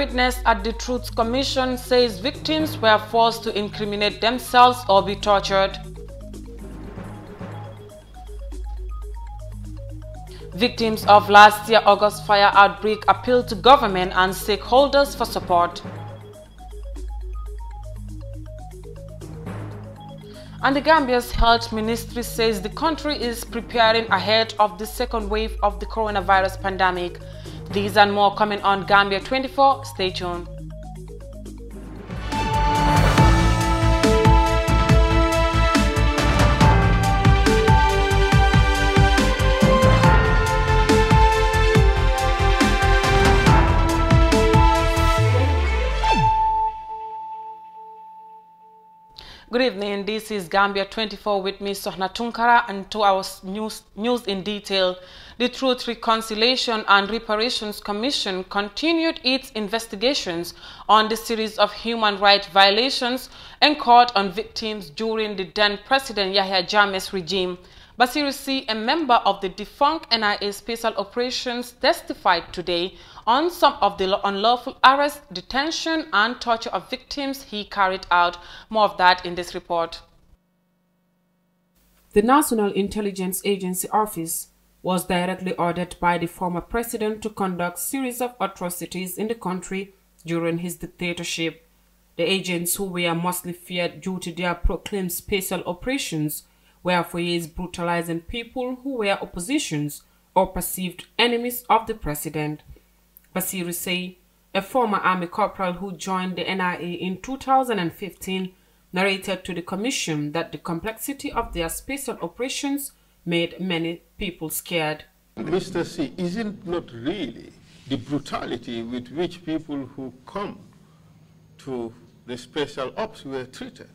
witness at the Truth Commission says victims were forced to incriminate themselves or be tortured. Victims of last year August fire outbreak appeal to government and stakeholders for support. And the Gambia's health ministry says the country is preparing ahead of the second wave of the coronavirus pandemic. These and more coming on Gambia 24. Stay tuned. Good evening. This is Gambia 24 with me, Sohna Tunkara, and to our news, news in detail. The Truth Reconciliation and Reparations Commission continued its investigations on the series of human rights violations and court on victims during the then President Yahya Jammeh's regime. Basiru C., a member of the defunct NIA Special Operations, testified today on some of the unlawful arrest, detention, and torture of victims he carried out. More of that in this report. The National Intelligence Agency Office was directly ordered by the former president to conduct series of atrocities in the country during his dictatorship. The agents who were mostly feared due to their proclaimed special operations were for years brutalizing people who were oppositions or perceived enemies of the president. Basiru a former army corporal who joined the NIA in 2015, narrated to the commission that the complexity of their special operations made many people scared. Mr. C, isn't not really the brutality with which people who come to the special ops were treated,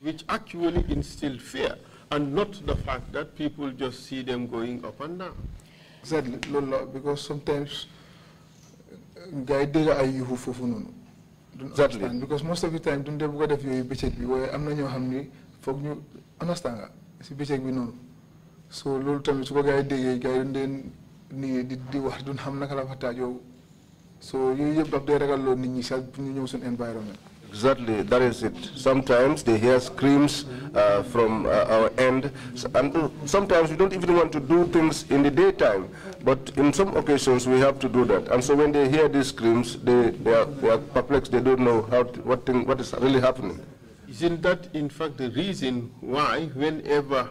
which actually instilled fear, and not the fact that people just see them going up and down. Exactly, because sometimes gars yi ay yuuxu foofu noonu. exactly because most of the time duñ dee bëgg a def yooyu bëccëg bi waaye am na ñoo xam ni foog ñu understand nga si bëccëg We noonu. so loolu tamit su ko gars yi déggee gars yi duñ dee nii di di wax duñ xam naka la fa taajoo so yooyu yëpp daf dee ragal loolu nit ñi sax bu ñu ñëw suñu environnement. Exactly, that is it. Sometimes they hear screams uh, from uh, our end, and uh, sometimes we don't even want to do things in the daytime, but in some occasions we have to do that. And so when they hear these screams, they, they, are, they are perplexed, they don't know how to, what, thing, what is really happening. Isn't that, in fact, the reason why whenever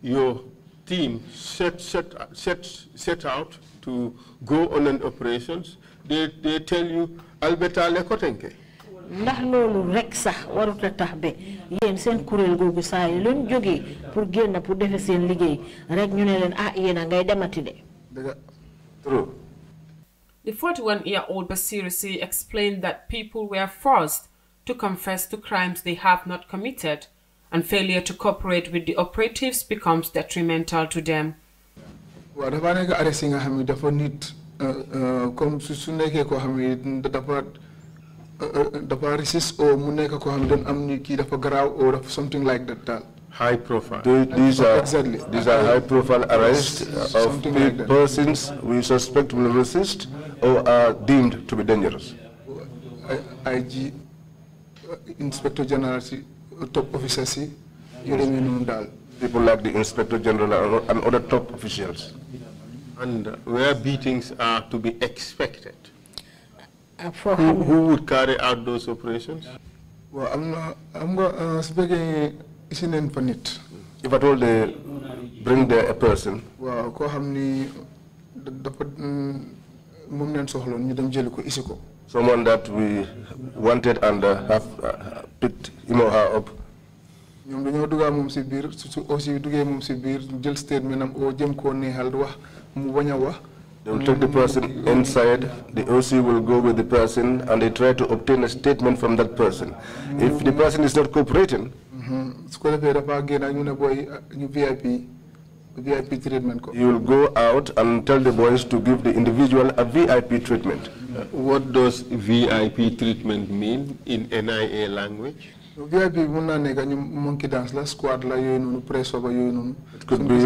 your team set, set, set, set out to go on an operations, they, they tell you, Alberta Lekotenke ndax loolu rek sax warut a tax be yéen seen kuréel googu saa yi luñ pour génn pour defe seen liggéey rek ñu ne leen ah yéen a ngay demati de. The 41-year-old Basirisi explained that people were forced to confess to crimes they have not committed, and failure to cooperate with the operatives becomes detrimental to them. waaw dafa raciste oo mu nekk amni ki dafa something like that high profile. These are, exactly. these are high profile arrests of like persons we suspect will resist or are deemed to be dangerous. IG, uh, Inspector General, top officers, people like the Inspector General and other top officials. And where beatings are to be expected. Who, who, would carry out those operations? Well, I'm not, I'm not uh, speaking isn't for If at all they bring there a person. Well, ko hamni dapat mum len soxlo ñu dem jël ko isi ko. Someone that we wanted and uh, have uh, picked him or her up. ñoom dañoo dugaa moom si biir su aussi duggee moom si biir jël statement am oo jëm koo mu bañ they will take the person inside, the OC will go with the person, and they try to obtain a statement from that person. If the person is not cooperating, mm-hmm. uh, VIP You will go out and tell the boys to give the individual a VIP treatment. What does VIP treatment mean in NIA language? VIP monkey dance la squad la yoy press over yoy It could be.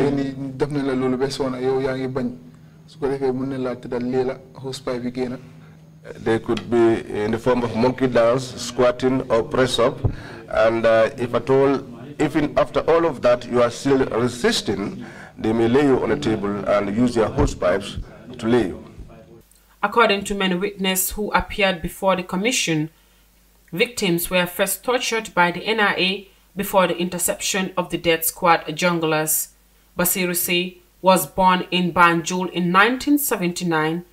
They could be in the form of monkey dance, squatting, or press up. And uh, if at all, even after all of that, you are still resisting, they may lay you on a table and use their hosepipes to lay you. According to many witnesses who appeared before the commission, victims were first tortured by the NIA before the interception of the death squad junglers. Basiru say was born in Banjul in 1979.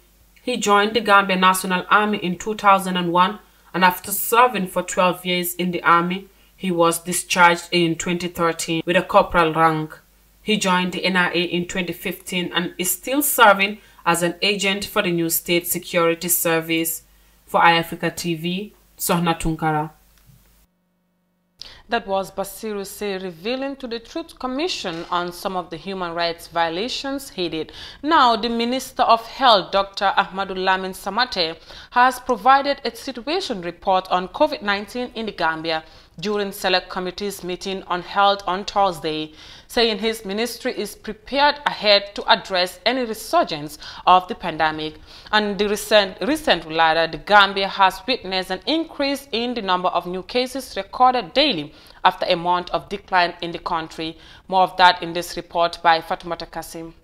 He joined the Gambia National Army in 2001 and after serving for 12 years in the army, he was discharged in 2013 with a corporal rank. He joined the NIA in 2015 and is still serving as an agent for the new State Security Service. For iAfrica TV, Sohna Tunkara. That was Basiru Say revealing to the Truth Commission on some of the human rights violations he did. Now, the Minister of Health, Dr. Ahmadul Lamin Samate, has provided a situation report on COVID-19 in the Gambia during Select Committee's meeting on held on Thursday, saying his ministry is prepared ahead to address any resurgence of the pandemic. And the recent, recent latter, the Gambia has witnessed an increase in the number of new cases recorded daily after a month of decline in the country. More of that in this report by Fatimata Kasim.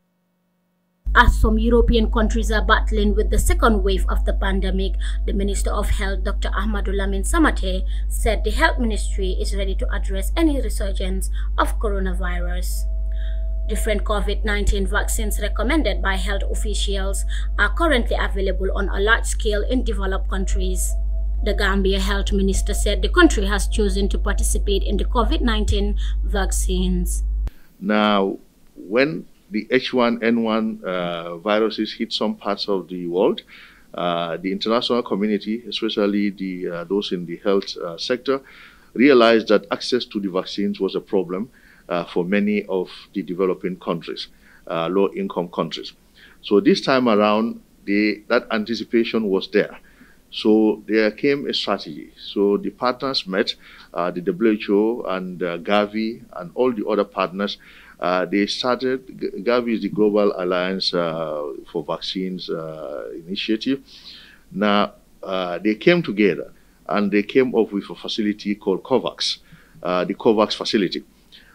As some European countries are battling with the second wave of the pandemic, the Minister of Health, Dr. Ahmadulamin Samate, said the Health Ministry is ready to address any resurgence of coronavirus. Different COVID-19 vaccines recommended by health officials are currently available on a large scale in developed countries. The Gambia Health Minister said the country has chosen to participate in the COVID-19 vaccines. Now, when the H1N1 uh, viruses hit some parts of the world. Uh, the international community, especially the, uh, those in the health uh, sector, realized that access to the vaccines was a problem uh, for many of the developing countries, uh, low-income countries. So this time around, they, that anticipation was there. So there came a strategy. So the partners met, the WHO and Gavi and all the other partners uh, they started, Gavi is the Global Alliance uh, for Vaccines uh, initiative. Now, uh, they came together and they came up with a facility called COVAX, uh, the COVAX facility.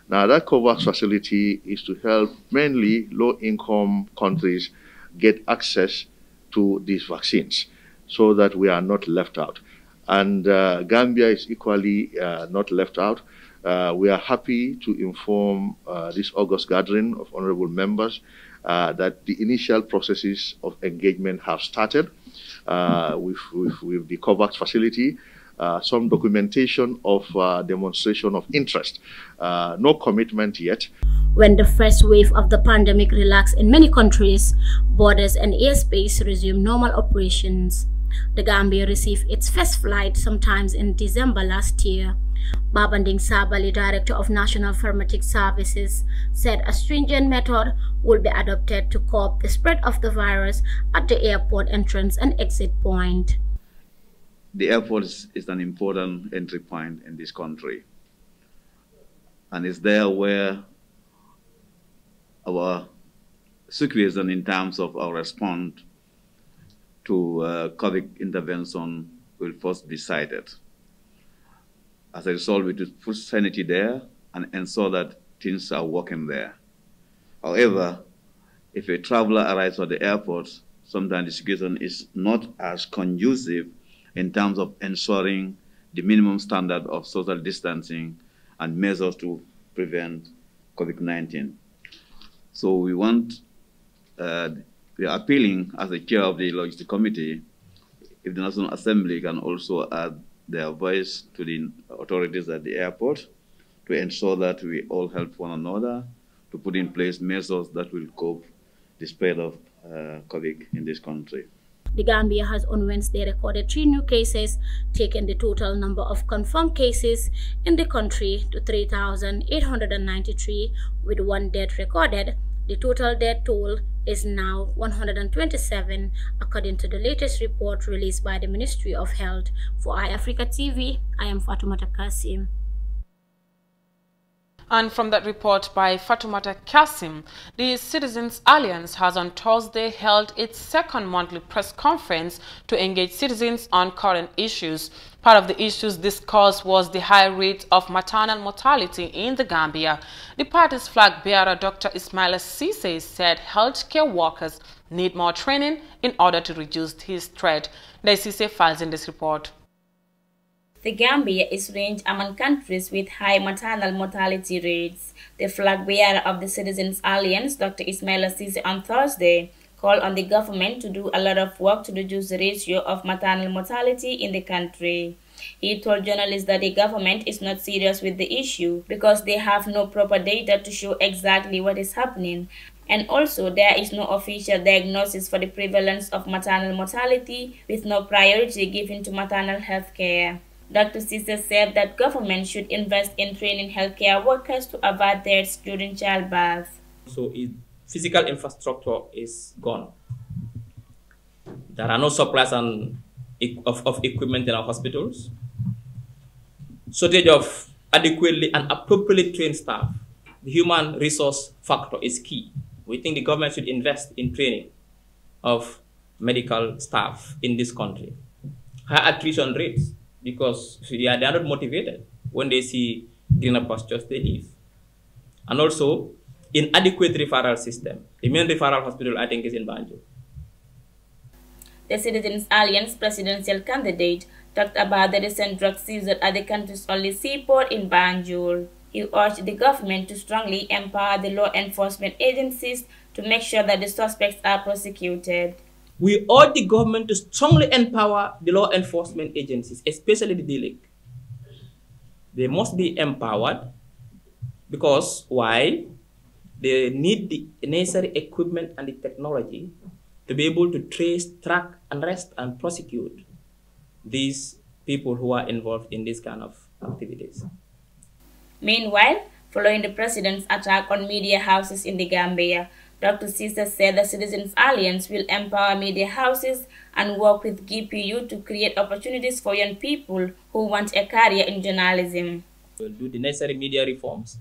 Now, that COVAX facility is to help mainly low income countries get access to these vaccines so that we are not left out. And uh, Gambia is equally not left out. Uh, we are happy to inform uh, this August gathering of honorable members uh, that the initial processes of engagement have started uh, with, with, with, the COVAX facility. Uh, some documentation of demonstration of interest. no commitment yet. When the first wave of the pandemic relaxed in many countries, borders and airspace resumed normal operations. The Gambia received its first flight sometimes in December last year. Babanding Sabali, Director of National Pharmaceutical Services, said a stringent method will be adopted to curb the spread of the virus at the airport entrance and exit point. The airport is an important entry point in this country, and it's there where our situation in terms of our response to uh, COVID intervention will first be decided. As a result, we put sanity there and ensure that things are working there. However, if a traveler arrives at the airport, sometimes the situation is not as conducive in terms of ensuring the minimum standard of social distancing and measures to prevent COVID-19. So we want, uh, we are appealing as the chair of the logistics committee, if the National Assembly can also add their voice to the authorities at the airport to ensure that we all help one another to put in place measures that will cope the spread of uh, COVID in this country. The Gambia has on Wednesday recorded three new cases, taking the total number of confirmed cases in the country to 3,893, with one death recorded. The total death toll is now 127 according to the latest report released by the Ministry of Health. For iAfrica TV, I am Fatoumata Kasim. And from that report by Fatuma Kasim, the Citizens Alliance has on Thursday held its second monthly press conference to engage citizens on current issues. Part of the issues discussed was the high rate of maternal mortality in the Gambia. The party's flag bearer, Dr. Ismail Sise, said healthcare workers need more training in order to reduce this threat. The Sise files in this report. The Gambia is ranked among countries with high maternal mortality rates. The flag bearer of the Citizens Alliance, Dr. Ismail Sise, on Thursday, call on the government to do a lot of work to reduce the ratio of maternal mortality in the country. He told journalists that the government is not serious with the issue because they have no proper data to show exactly what is happening. And also, there is no official diagnosis for the prevalence of maternal mortality with no priority given to maternal health care. Dr. Sister said that government should invest in training healthcare workers to avoid deaths during childbirth. So it physical infrastructure is gone. There are no supplies and, of, of equipment in our hospitals. Shortage of adequately and appropriately trained staff. The human resource factor is key. We think the government should invest in training of medical staff in this country. High attrition rates, because they are, they are not motivated. When they see greener pastures, they leave. And also, inadequate referral system. The main referral hospital, I think, is in Banjul. The Citizens Alliance presidential candidate talked about the recent drug seizure at the country's only seaport in Banjul. He urged the government to strongly empower the law enforcement agencies to make sure that the suspects are prosecuted. We urge the government to strongly empower the law enforcement agencies, especially the DLIC. They must be empowered because why? They need the necessary equipment and the technology to be able to trace, track, arrest, and prosecute these people who are involved in these kind of activities. Meanwhile, following the president's attack on media houses in the Gambia, Dr. Caesar said the Citizens Alliance will empower media houses and work with GPU to create opportunities for young people who want a career in journalism. We'll do the necessary media reforms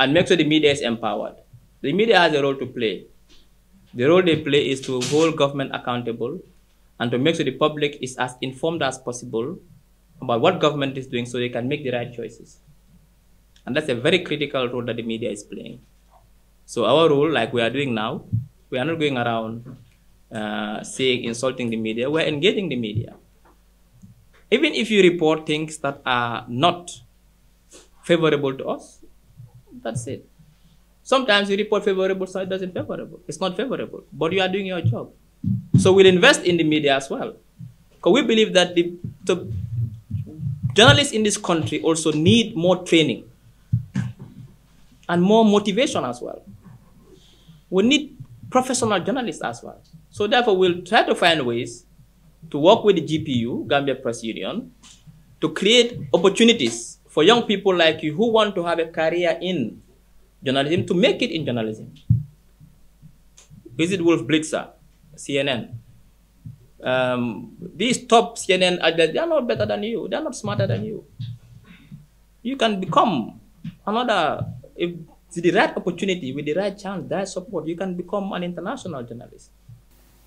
and make sure the media is empowered. The media has a role to play. The role they play is to hold government accountable and to make sure the public is as informed as possible about what government is doing so they can make the right choices. And that's a very critical role that the media is playing. So our role, like we are doing now, we are not going around uh, saying, insulting the media, we're engaging the media. Even if you report things that are not favorable to us, that's it. Sometimes you report favorable, so it doesn't favorable. It's not favorable, but you are doing your job. So we'll invest in the media as well. Because we believe that the, the journalists in this country also need more training and more motivation as well. We need professional journalists as well. So therefore, we'll try to find ways to work with the GPU, Gambia Press Union, to create opportunities for young people like you who want to have a career in journalism to make it in journalism. Visit Wolf Blitzer, CNN. Um, these top CNN they are not better than you. They are not smarter than you. You can become another, if the right opportunity, with the right chance, that support, you can become an international journalist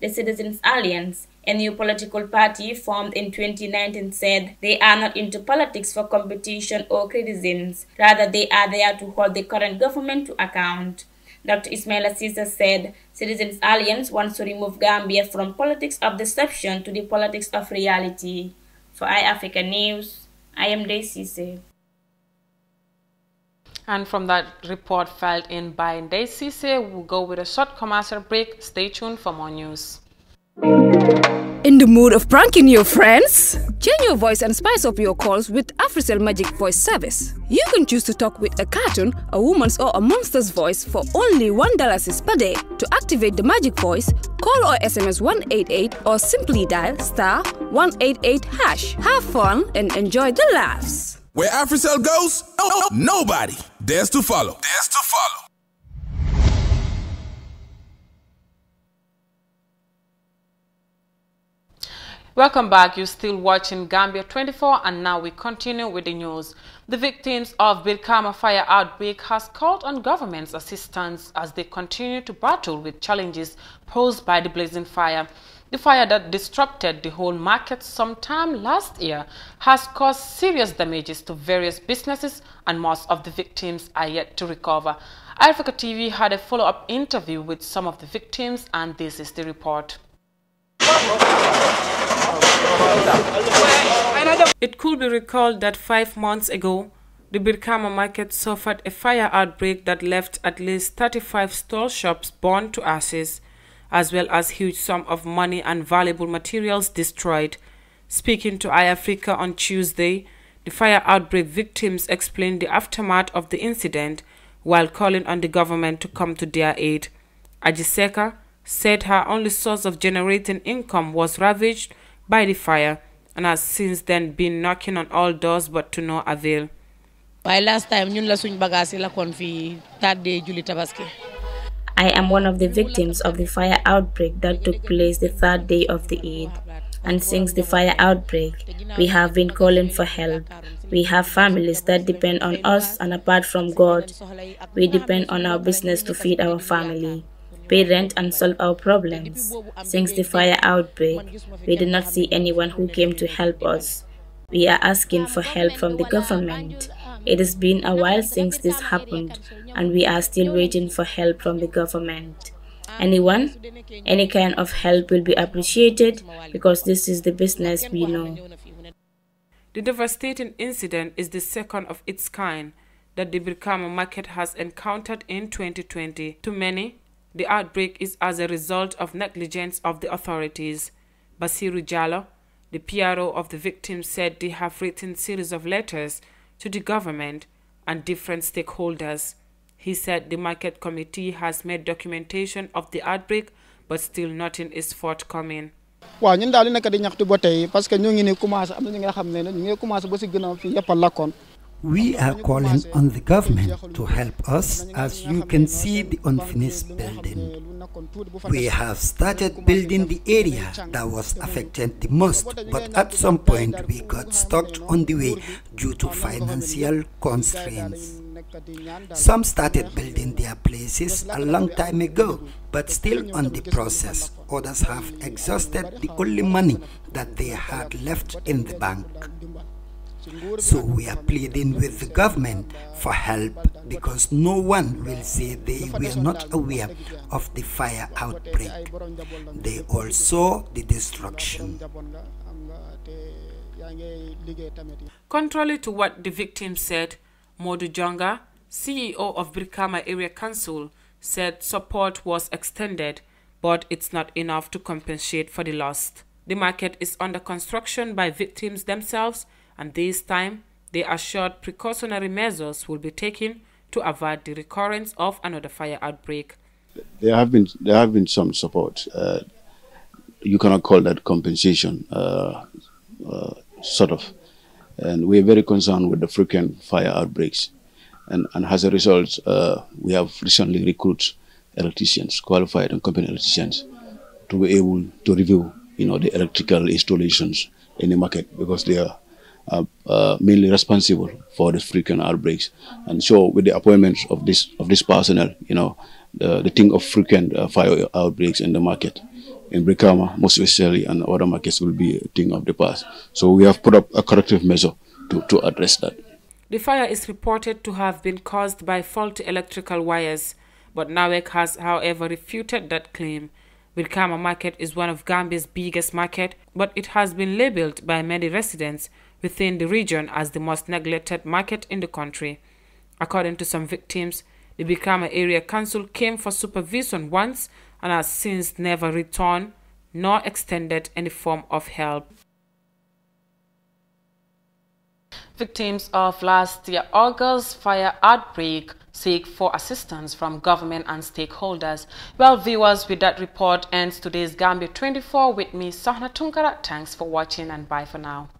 the Citizens Alliance, a new political party formed in 2019 said they are not into politics for competition or criticisms. Rather, they are there to hold the current government to account. Dr. Ismail Assisa said, Citizens Alliance wants to remove Gambia from politics of deception to the politics of reality. For iAfrica News, I am Daisy and from that report filed in by Ndai we'll go with a short commercial break. Stay tuned for more news. In the mood of pranking your friends? Change your voice and spice up your calls with AfriCell Magic Voice Service. You can choose to talk with a cartoon, a woman's or a monster's voice for only $1 per day. To activate the magic voice, call or SMS 188 or simply dial star 188 hash. Have fun and enjoy the laughs. Where AfriCell goes, oh, nobody dares to follow. Dares to follow. Welcome back. You're still watching Gambia 24 and now we continue with the news. The victims of Bilkama fire outbreak has called on government's assistance as they continue to battle with challenges posed by the blazing fire. The fire that disrupted the whole market sometime last year has caused serious damages to various businesses and most of the victims are yet to recover. Africa TV had a follow-up interview with some of the victims and this is the report. It could be recalled that five months ago, the Birkama market suffered a fire outbreak that left at least 35 stall shops burned to ashes as well as huge sum of money and valuable materials destroyed. Speaking to iAfrica on Tuesday, the fire outbreak victims explained the aftermath of the incident while calling on the government to come to their aid. Ajiseka said her only source of generating income was ravaged by the fire and has since then been knocking on all doors but to no avail. By last time, ñun la suñ bagage la kon that day julita tabaski. I am one of the victims of the fire outbreak that took place the third day of the Eid. And since the fire outbreak, we have been calling for help. We have families that depend on us, and apart from God, we depend on our business to feed our family pay rent and solve our problems. Since the fire outbreak, we did not see anyone who came to help us. We are asking for help from the government. It has been a while since this happened, and we are still waiting for help from the government. Anyone, any kind of help will be appreciated because this is the business we know. The devastating incident is the second of its kind that the Birkama market has encountered in 2020. To many, the outbreak is as a result of negligence of the authorities. Basiru Jallo, the PRO of the victims, said they have written series of letters to the government and different stakeholders. He said the market committee has made documentation of the outbreak, but still nothing is forthcoming. ñun nekk di ñaxtu parce que ñu ngi commencé am nga ñu ngi commencé ba gënaaw We are calling on the government to help us as you can see the unfinished building. We have started building the area that was affected the most, but at some point we got stuck on the way due to financial constraints. Some started building their places a long time ago, but still on the process. Others have exhausted the only money that they had left in the bank. So we are pleading with the government for help because no one will say they were not aware of the fire outbreak. They all saw the destruction. Contrary to what the victim said, Modu Jonga, CEO of Brikama Area Council, said support was extended, but it's not enough to compensate for the loss. The market is under construction by victims themselves and this time they assured precautionary measures will be taken to avoid the recurrence of another fire outbreak. There have been there have been some support. Uh, you cannot call that compensation, uh, uh, sort of. And we are very concerned with the frequent fire outbreaks, and and as a result, uh, we have recently recruited electricians, qualified and competent electricians, to be able to review, you know, the electrical installations in the market because they are uh, mainly responsible for the frequent outbreaks. And so with the appointment of this of this personnel, you know, the, the thing of frequent uh, fire outbreaks in the market in Brikama, most especially, and other markets will be a thing of the past. So we have put up a corrective measure to, to address that. The fire is reported to have been caused by faulty electrical wires, but Nawek has, however, refuted that claim. Birkama market is one of Gambia's biggest market, but it has been labeled by many residents within the region as the most neglected market in the country. According to some victims, the Bikama Area Council came for supervision once and has since never returned nor extended any form of help. Victims of last year August fire outbreak seek for assistance from government and stakeholders. Well, viewers, with that report ends today's Gambia 24 with me, Sahna Tungara. Thanks for watching and bye for now.